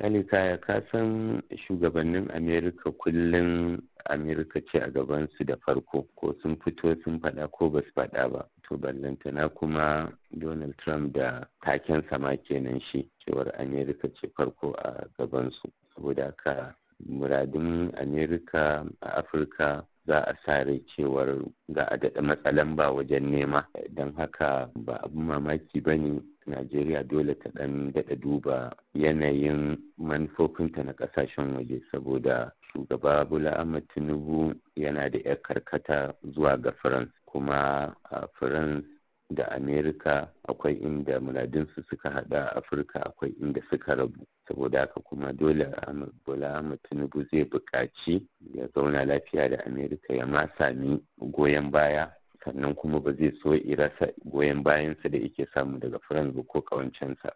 Kalika ya kasan shugabannin Amerika kullum Amerika ce a gabansu da farko ko sun fito sun faɗa ko ba su faɗa ba. To ballantana kuma Donald Trump da taken sama kenan shi cewar Amerika ce farko a gabansu. Saboda ka muradin Amerika a Afirka za a sa rai cewar ga a matsalan ba wajen nema don haka ba abin mamaki ba ne najeriya dole ta ɗan daɗa duba yanayin manufofinta na ƙasashen waje saboda shugaba Bola Ahmed Tinubu yana da 'yar karkata zuwa ga France kuma a France da Amerika akwai inda muladinsu suka hada Afirka akwai inda suka rabu. Saboda haka kuma dole Bola Ahmed Tinubu zai buƙaci ya zauna lafiya da Amerika ya ma sami goyon baya sannan kuma ba zai so ya rasa goyon bayansa da yake samu daga friends ko kawancensa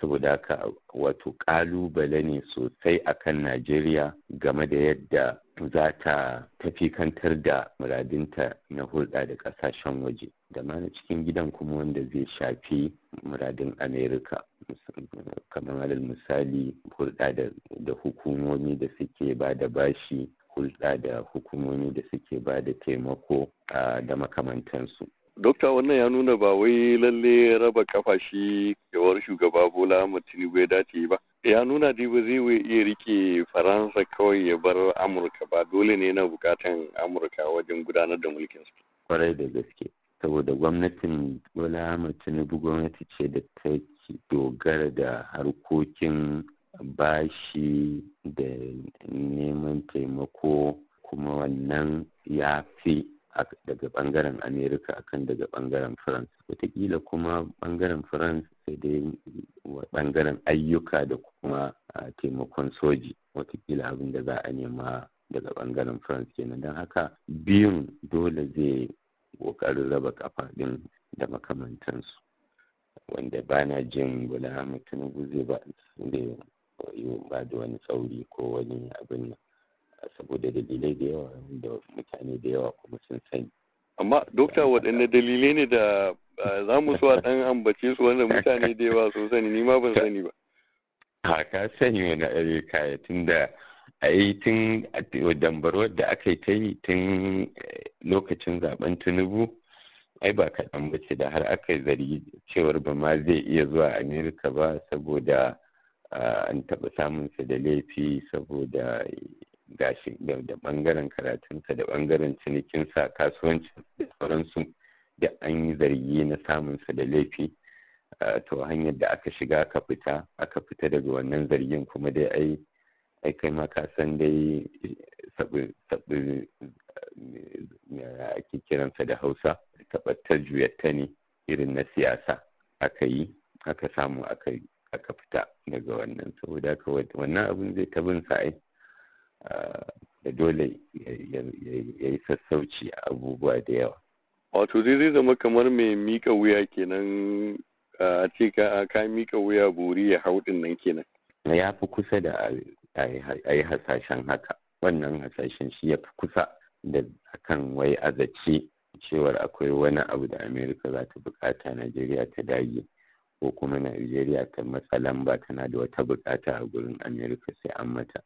saboda haka wato kalubale ne sosai akan najeriya game da yadda za ta tafi kantar da muradinta na hulɗa da ƙasashen waje da mana cikin gidan kuma wanda zai shafi muradin amerika kamar alal misali hulɗa da hukumomi da suke ba da bashi hulɗa da hukumomi da suke ba da taimako da makamantansu. Dokta wannan ya nuna ba wai lalle raba kafa shi yawar shugaba Bola Tinubu ya dace ba. Ya nuna dai ba zai iya rike Faransa kawai ya bar Amurka ba dole ne na bukatan Amurka wajen gudanar da su. Kwarai da gaske. Saboda gwamnatin Bola Tinubu gwamnati ce da ta dogara da harkokin bashi da Nan ya fi daga bangaren amerika akan daga bangaren france wataƙila kuma bangaren france sai dai bangaren ayyuka da kuma taimakon soji watakila abin da za a nema daga bangaren france kenan don haka biyun dole zai ƙoƙarin raba kafa ɗin da makamantansu wanda ba na jin bula mutum guze ba da wani tsauri ko wani abin nan saboda dalilai da yawa da mutane da yawa kuma sun sani amma dokta waɗanne dalilai ne da za mu so a ɗan ambace su wanda mutane da yawa sun sani ni ma ban sani ba ha ka sani wani ɗari kaya tun da a yi tun dambarwar da aka yi ta yi tun eh, lokacin zaben tunubu? ai ba kaɗan ba ce da har aka yi zargi cewar ba ma zai iya zuwa amerika ba saboda an taɓa samunsa da laifi saboda gashi da bangaren karatunsa da bangaren cinikinsa kasuwancin da sauransu da an yi zargi na samunsa da laifi to hanyar da aka shiga aka fita aka fita daga wannan zargin kuma dai ai ai kai ma ka san dai sabu eh, ake kiransa da hausa tabbatar juyatta ne irin na siyasa aka yi aka samu aka fita daga wannan saboda wannan abin zai ta bin sa'ai da dole ya yi sassauci a abubuwa da yawa wato zai zai zama kamar mai mika wuya kenan a ce ka mika wuya buri ya hau nan kenan ya fi kusa da a yi hasashen haka wannan hasashen shi ya fi kusa da kan wai azaci cewar akwai wani abu da amerika za ta bukata najeriya ta dage ko kuma najeriya ta matsalan ba tana da wata bukata a gurin amerika sai an mata